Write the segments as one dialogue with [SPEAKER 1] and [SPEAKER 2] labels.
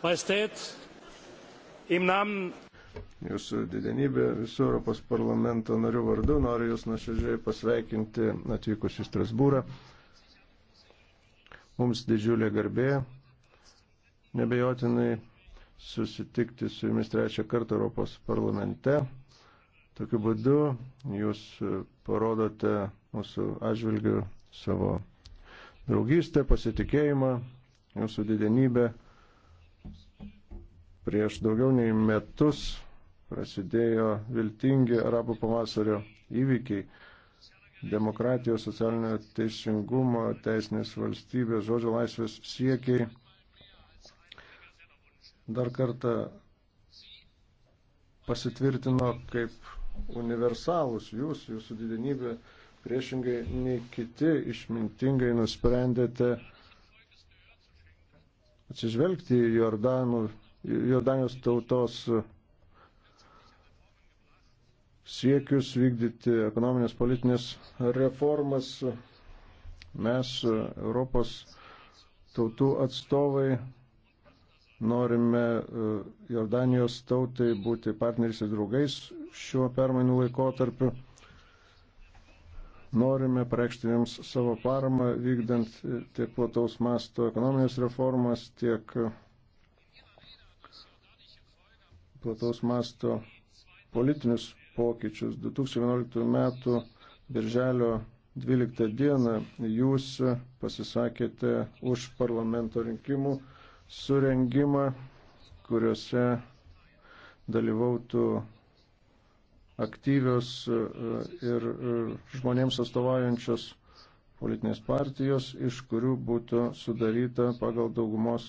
[SPEAKER 1] Majestät, im Namen Jūsų didenybė visų Europos parlamento narių vardu noriu Jūs nuoširdžiai pasveikinti atvykus į Strasbūrą. Mums didžiulė garbė nebejotinai susitikti su Jumis trečią kartą Europos parlamente. Tokiu būdu Jūs parodote mūsų atžvilgių savo draugystę, pasitikėjimą, jūsų didenybę. Prieš daugiau nei metus prasidėjo viltingi arabų pavasario įvykiai demokratijos, socialinio teisingumo, teisinės valstybės, žodžio laisvės siekiai. Dar kartą pasitvirtino kaip universalus jūs, jūsų didenybė priešingai nei kiti išmintingai nusprendėte atsižvelgti į Jordanų, Jordanijos tautos siekius vykdyti ekonominės politinės reformas. Mes, Europos tautų atstovai, norime e, Jordanijos tautai būti partneriais ir draugais šiuo permainų laikotarpiu norime pareikšti jums savo paramą vykdant tiek plataus masto ekonominės reformas, tiek plataus masto politinius pokyčius. 2011 metų birželio 12 dieną jūs pasisakėte už parlamento rinkimų surengimą, kuriuose dalyvautų aktyvios e, e, ir e, žmonėms atstovaujančios politinės partijos, iš kurių būtų sudaryta pagal daugumos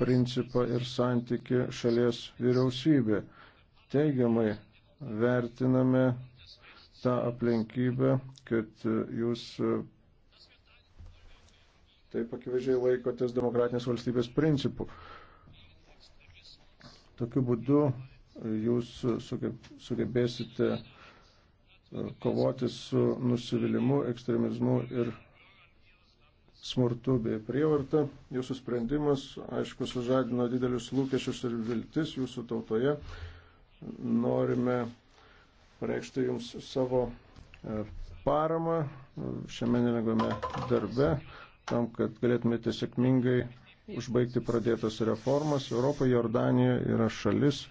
[SPEAKER 1] principą ir santyki šalies vyriausybė. Teigiamai vertiname tą aplinkybę, kad jūs taip akivaizdžiai laikotės demokratinės valstybės principų. Tokiu būdu jūs sugebėsite e, kovoti su nusivylimu, ekstremizmu ir smurtu bei prievarta. Jūsų sprendimas, aišku, sužadino didelius lūkesčius ir viltis jūsų tautoje. Norime pareikšti jums savo e, paramą šiame nelengvame darbe, tam, kad galėtumėte sėkmingai užbaigti pradėtas reformas. Europoje Jordanija yra šalis,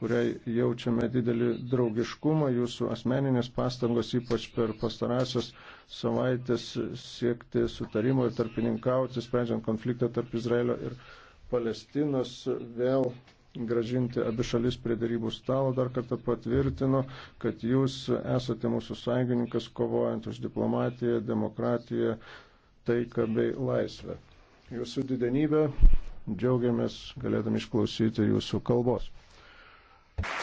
[SPEAKER 1] kuriai jaučiame didelį draugiškumą. Jūsų asmeninės pastangos, ypač per pastarąsias savaitės, siekti sutarimo ir tarpininkauti, sprendžiant konfliktą tarp Izraelio ir Palestinos, vėl gražinti abi šalis prie darybų stalo dar kartą patvirtino, kad jūs esate mūsų sąjungininkas kovojant už diplomatiją, demokratiją, taiką bei laisvę. Jūsų didenybė, džiaugiamės galėdami išklausyti jūsų kalbos. Pirmininkė,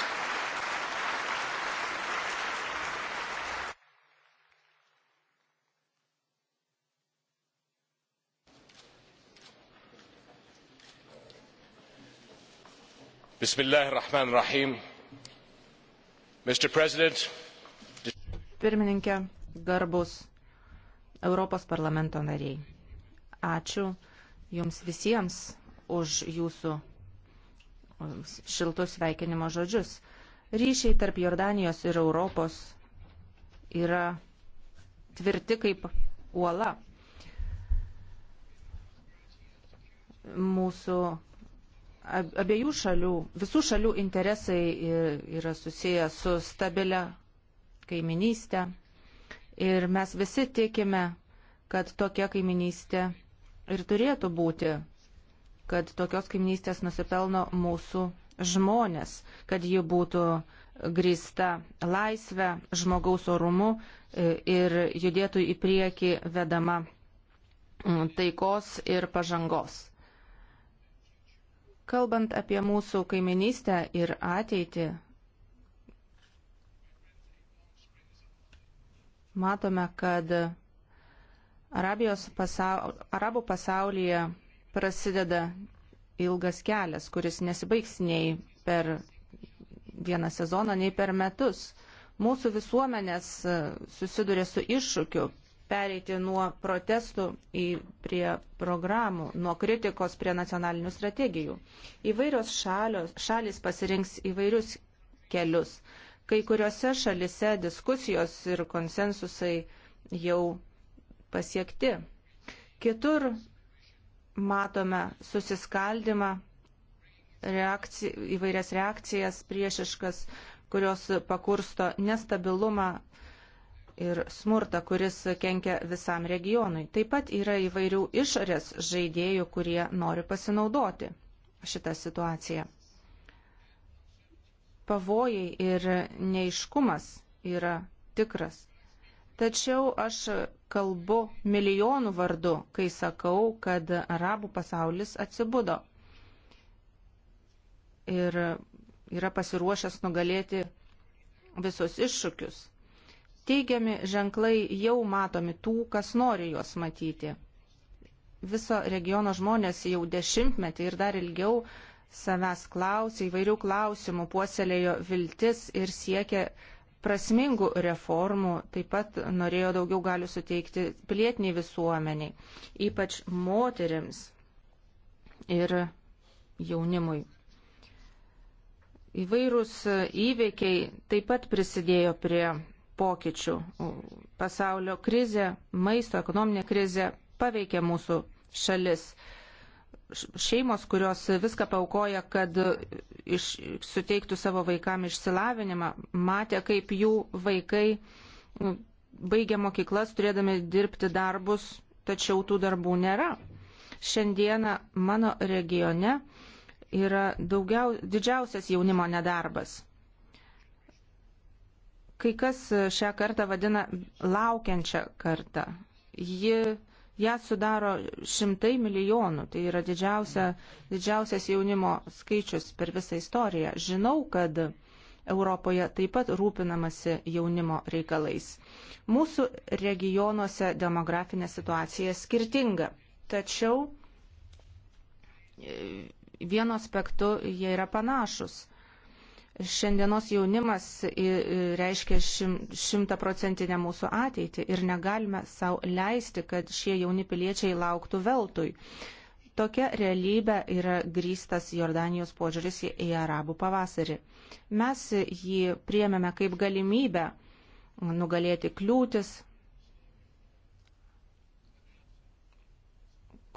[SPEAKER 2] garbus Europos parlamento nariai, ačiū Jums visiems už Jūsų šiltus sveikinimo žodžius. Ryšiai tarp Jordanijos ir Europos yra tvirti kaip uola. Mūsų abiejų šalių, visų šalių interesai yra susiję su stabilia kaiminystė ir mes visi tikime, kad tokia kaiminystė ir turėtų būti kad tokios kaimynystės nusipelno mūsų žmonės, kad ji būtų grįsta laisvę, žmogaus orumu e, ir judėtų į priekį vedama mm, taikos ir pažangos. Kalbant apie mūsų kaiminystę ir ateitį, matome, kad Arabijos pasaul, arabų pasaulyje prasideda ilgas kelias, kuris nesibaigs nei per vieną sezoną, nei per metus. Mūsų visuomenės e, susiduria su iššūkiu pereiti nuo protestų į, prie programų, nuo kritikos prie nacionalinių strategijų. Įvairios šalios, šalis pasirinks įvairius kelius. Kai kuriuose šalise diskusijos ir konsensusai jau pasiekti. Kitur matome susiskaldimą, reakci, įvairias reakcijas priešiškas, kurios pakursto nestabilumą ir smurtą, kuris kenkia visam regionui. Taip pat yra įvairių išorės žaidėjų, kurie nori pasinaudoti šitą situaciją. Pavojai ir neiškumas yra tikras Tačiau aš kalbu milijonų vardu, kai sakau, kad arabų pasaulis atsibudo ir yra pasiruošęs nugalėti visus iššūkius. Teigiami ženklai jau matomi tų, kas nori juos matyti. Viso regiono žmonės jau dešimtmetį ir dar ilgiau savęs klausė, įvairių klausimų puoselėjo viltis ir siekė prasmingų reformų, taip pat norėjo daugiau galių suteikti pilietiniai visuomeniai, ypač moteriams ir jaunimui. Įvairūs įveikiai taip pat prisidėjo prie pokyčių. Pasaulio krizė, maisto ekonominė krizė paveikė mūsų šalis šeimos, kurios viską paukoja, kad iš, suteiktų savo vaikam išsilavinimą, matė, kaip jų vaikai nu, baigia mokyklas, turėdami dirbti darbus, tačiau tų darbų nėra. Šiandieną mano regione yra daugiau, didžiausias jaunimo nedarbas. Kai kas šią kartą vadina laukiančią kartą. Ji ją sudaro šimtai milijonų, tai yra didžiausia, didžiausias jaunimo skaičius per visą istoriją. Žinau, kad Europoje taip pat rūpinamasi jaunimo reikalais. Mūsų regionuose demografinė situacija skirtinga, tačiau e, vienu aspektu jie yra panašus. Šiandienos jaunimas reiškia šimtaprocentinę mūsų ateitį ir negalime savo leisti, kad šie jauni piliečiai lauktų veltui. Tokia realybė yra grįstas Jordanijos požiūris į arabų pavasarį. Mes jį priemėme kaip galimybę nugalėti kliūtis,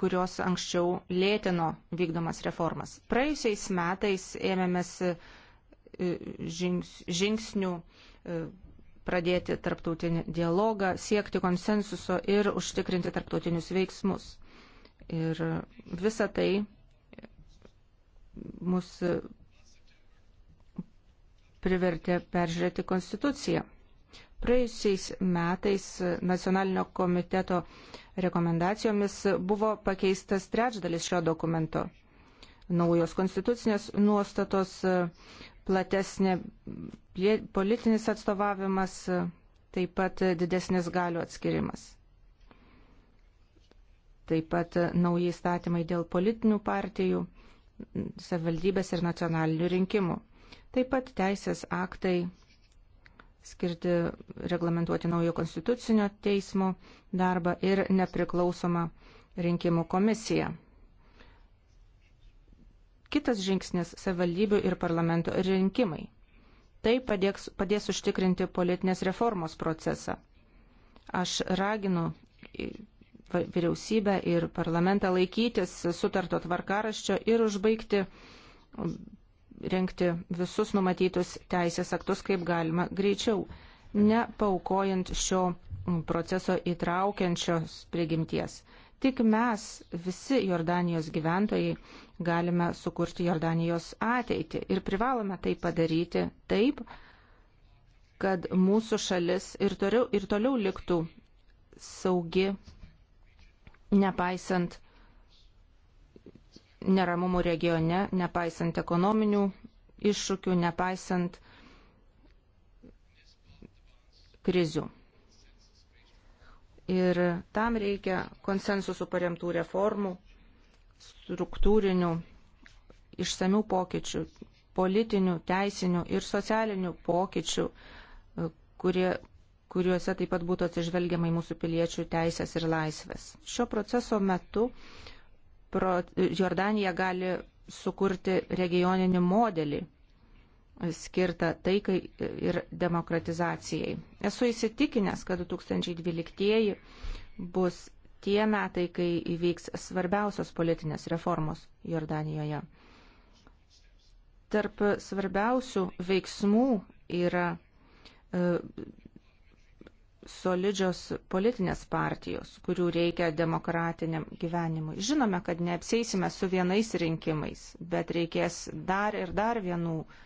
[SPEAKER 2] kurios anksčiau lėtino vykdomas reformas. Praėjusiais metais ėmėmės E, žingsnių e, pradėti tarptautinį dialogą, siekti konsensuso ir užtikrinti tarptautinius veiksmus. Ir visa tai mus privertė peržiūrėti konstituciją. Praėjusiais metais nacionalinio komiteto rekomendacijomis buvo pakeistas trečdalis šio dokumento. Naujos konstitucinės nuostatos platesnė politinis atstovavimas, taip pat didesnis galių atskirimas. Taip pat nauji įstatymai dėl politinių partijų, savivaldybės ir nacionalinių rinkimų. Taip pat teisės aktai skirti reglamentuoti naujo konstitucinio teismo darbą ir nepriklausomą rinkimų komisiją. Kitas žingsnis - savivaldybių ir parlamento rinkimai. Tai padės, padės užtikrinti politinės reformos procesą. Aš raginu vyriausybę ir parlamentą laikytis sutarto tvarkaraščio ir užbaigti renkti visus numatytus teisės aktus kaip galima greičiau, nepaukojant šio proceso įtraukiančios prigimties. Tik mes, visi Jordanijos gyventojai, galime sukurti Jordanijos ateitį ir privalome tai padaryti taip, kad mūsų šalis ir toliau, ir toliau liktų saugi, nepaisant neramumų regione, nepaisant ekonominių iššūkių, nepaisant krizių. Ir tam reikia konsensusų paremtų reformų, struktūrinių, išsamių pokyčių, politinių, teisinių ir socialinių pokyčių, e, kurie, kuriuose taip pat būtų atsižvelgiama į mūsų piliečių teisės ir laisvės. Šio proceso metu pro, Jordanija gali sukurti regioninį modelį, skirtą taikai ir demokratizacijai. Esu įsitikinęs, kad 2012 bus tie metai, kai įvyks svarbiausios politinės reformos Jordanijoje. Tarp svarbiausių veiksmų yra e, solidžios politinės partijos, kurių reikia demokratiniam gyvenimui. Žinome, kad neapsėsime su vienais rinkimais, bet reikės dar ir dar vienų rinkimų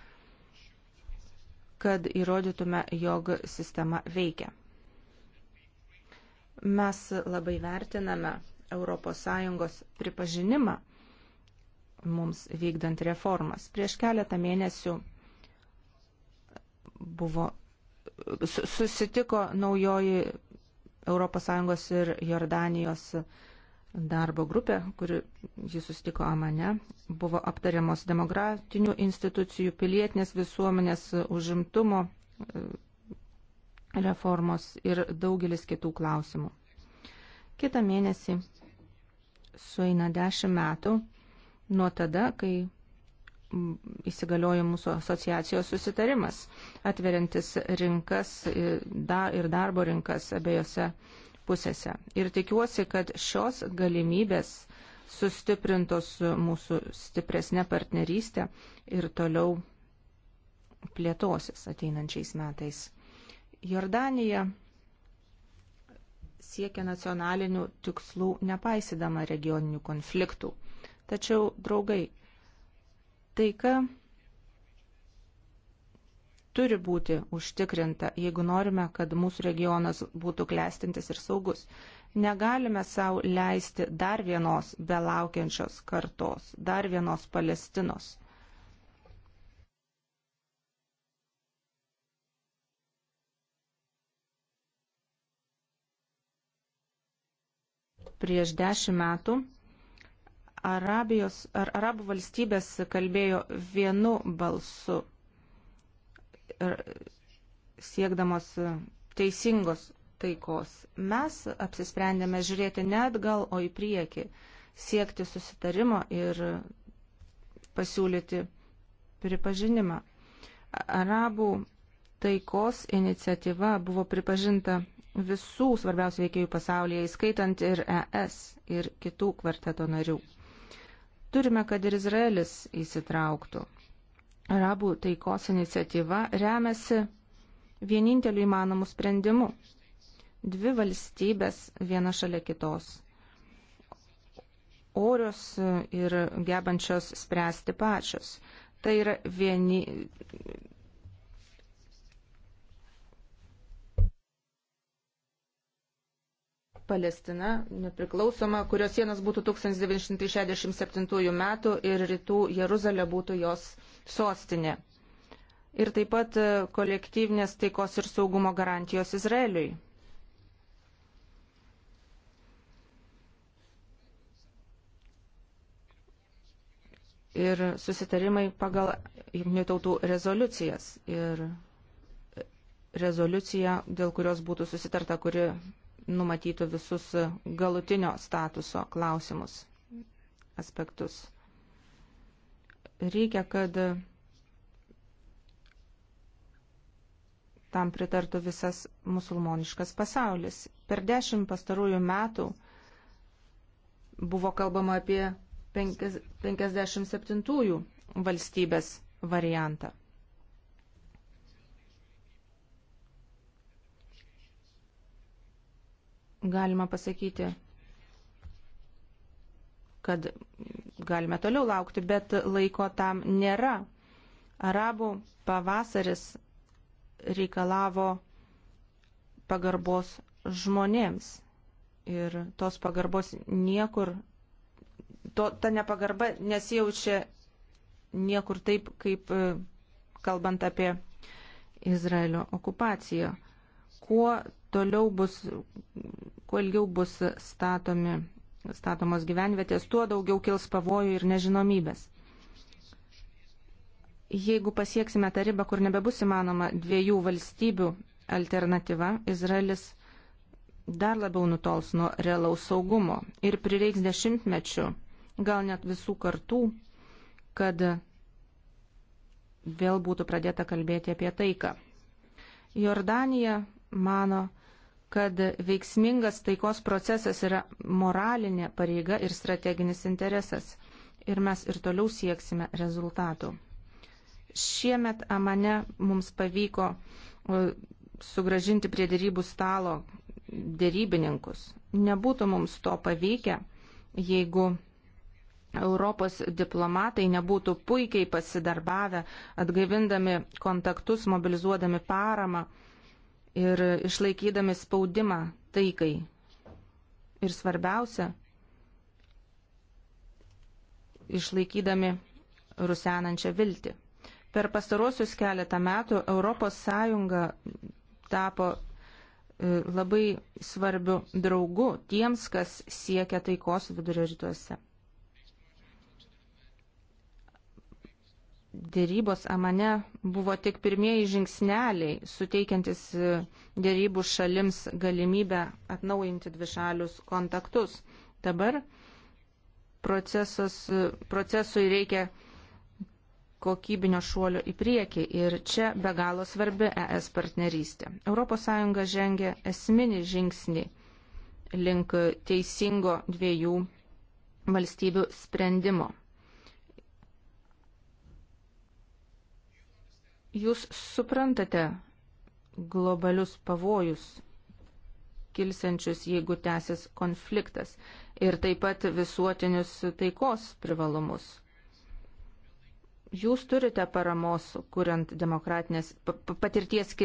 [SPEAKER 2] kad įrodytume, jog sistema veikia. Mes labai vertiname ES pripažinimą mums vykdant reformas. Prieš keletą mėnesių buvo, susitiko naujoji ES ir Jordanijos darbo grupė, kuri jį sustiko Amane, buvo aptariamos demokratinių institucijų, pilietinės visuomenės e, užimtumo e, reformos ir daugelis kitų klausimų. Kita mėnesį sueina dešimt metų nuo tada, kai įsigaliojo mūsų asociacijos susitarimas, atveriantis rinkas e, ir darbo rinkas abiejose pusėse. Ir tikiuosi, kad šios galimybės sustiprintos mūsų stipresnė partnerystė ir toliau plėtosis ateinančiais metais. Jordanija siekia nacionalinių tikslų nepaisydama regioninių konfliktų. Tačiau, draugai, taika turi būti užtikrinta, jeigu norime, kad mūsų regionas būtų klestintis ir saugus. Negalime savo leisti dar vienos belaukiančios kartos, dar vienos Palestinos. Prieš dešimt metų Arabijos, ar, arabų valstybės kalbėjo vienu balsu siekdamos teisingos taikos. Mes apsisprendėme žiūrėti ne atgal, o į priekį, siekti susitarimo ir pasiūlyti pripažinimą. Arabų taikos iniciatyva buvo pripažinta visų svarbiausių veikėjų pasaulyje, įskaitant ir ES ir kitų kvarteto narių. Turime, kad ir Izraelis įsitrauktų. Arabų taikos iniciatyva remiasi vieninteliu įmanomu sprendimu. Dvi valstybės viena šalia kitos. Orios ir gebančios spręsti pačios. Tai yra vieni. Palestina, nepriklausoma, kurios sienos būtų 1967 metų ir rytų Jeruzalė būtų jos sostinė. Ir taip pat e, kolektyvinės taikos ir saugumo garantijos Izraeliui. Ir susitarimai pagal jungtinių tautų rezoliucijas. Ir rezoliucija, dėl kurios būtų susitarta, kuri numatytų visus galutinio statuso klausimus, aspektus. Reikia, kad tam pritartų visas musulmoniškas pasaulis. Per dešimt pastarųjų metų buvo kalbama apie 57-ųjų valstybės variantą. Galima pasakyti, kad Galime toliau laukti, bet laiko tam nėra. Arabų pavasaris reikalavo pagarbos žmonėms ir tos pagarbos niekur, to, ta nepagarba nesijaučia niekur taip, kaip e, kalbant apie Izraelio okupaciją. Kuo toliau bus, kuo ilgiau bus statomi statomos gyvenvietės, tuo daugiau kils pavojų ir nežinomybės. Jeigu pasieksime tą ribą, kur nebebus įmanoma dviejų valstybių alternatyva, Izraelis dar labiau nutols nuo realaus saugumo ir prireiks dešimtmečių, gal net visų kartų, kad vėl būtų pradėta kalbėti apie taiką. Jordanija mano, kad veiksmingas taikos procesas yra moralinė pareiga ir strateginis interesas. Ir mes ir toliau sieksime rezultatų. Šiemet Amane mums pavyko e, sugražinti prie dėrybų stalo dėrybininkus. Nebūtų mums to pavykę, jeigu Europos diplomatai nebūtų puikiai pasidarbavę, atgaivindami kontaktus, mobilizuodami paramą ir išlaikydami spaudimą taikai. Ir svarbiausia, išlaikydami rusenančią viltį. Per pastarosius keletą metų ES tapo e, labai svarbiu draugu tiems, kas siekia taikos vidurio rytuose. dėrybos Amane buvo tik pirmieji žingsneliai, suteikiantis e, dėrybų šalims galimybę atnaujinti dvišalius kontaktus. Dabar e, procesui reikia kokybinio šuolio į priekį ir čia be galo svarbi ES partnerystė. ES žengia esminį žingsnį link teisingo dviejų valstybių sprendimo. Jūs suprantate globalius pavojus kilsiančius, jeigu tęsis konfliktas ir taip pat visuotinius taikos privalumus. Jūs turite paramos, kuriant demokratinės, patirties,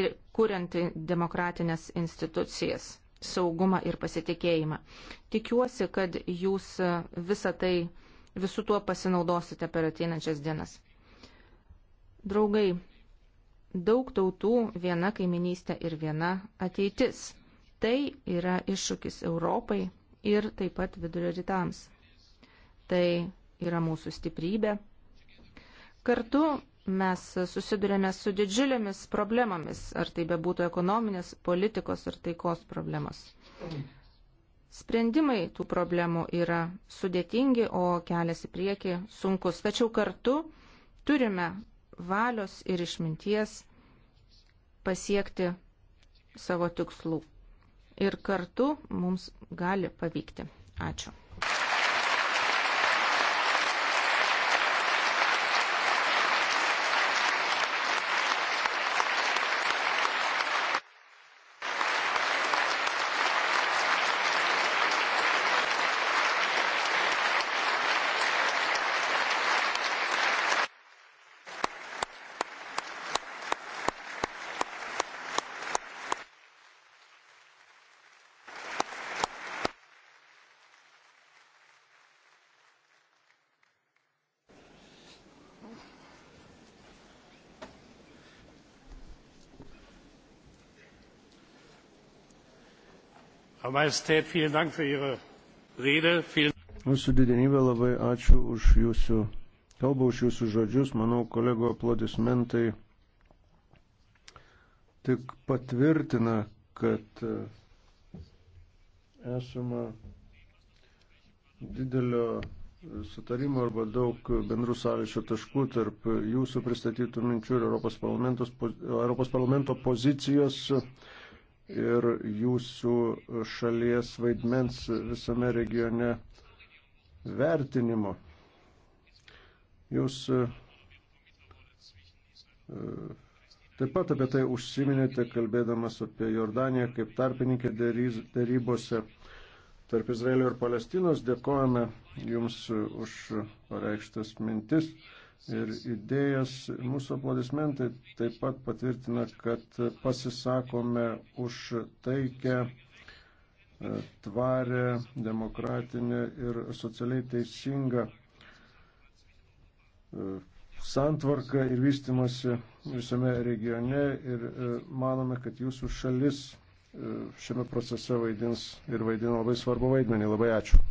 [SPEAKER 2] kuriant demokratinės institucijas, saugumą ir pasitikėjimą. Tikiuosi, kad jūs visą tai, visų tuo pasinaudosite per ateinančias dienas. Draugai, daug tautų viena kaiminystė ir viena ateitis. Tai yra iššūkis Europai ir taip pat vidurio rytams. Tai yra mūsų stiprybė. Kartu mes susidurėme su didžiulėmis problemomis, ar tai bebūtų ekonominės, politikos ar taikos problemos. Sprendimai tų problemų yra sudėtingi, o kelias į priekį sunkus. Tačiau kartu turime valios ir išminties pasiekti savo tikslų. Ir kartu mums gali pavykti. Ačiū.
[SPEAKER 1] Majestät, vielen Dank für Ihre Rede. Vielen Mūsų didenybė labai ačiū už jūsų kalbą, už jūsų žodžius. Manau, kolego aplodismentai tik patvirtina, kad e, esama didelio sutarimo arba daug bendrų sąlyčio taškų tarp jūsų pristatytų minčių ir Europos, Europos parlamento pozicijos ir jūsų šalies vaidmens visame regione vertinimo. Jūs e, taip pat apie tai užsiminėte, kalbėdamas apie Jordaniją kaip tarpininkę darybose tarp Izraelio ir Palestinos. Dėkojame Jums už pareikštas mintis ir idėjas. Mūsų aplodismentai taip pat patvirtina, kad pasisakome už taikę, e, tvarę, demokratinę ir socialiai teisingą e, santvarką ir vystimasi visame regione ir e, manome, kad jūsų šalis šiame procese vaidins ir vaidina labai svarbu vaidmenį. Labai ačiū.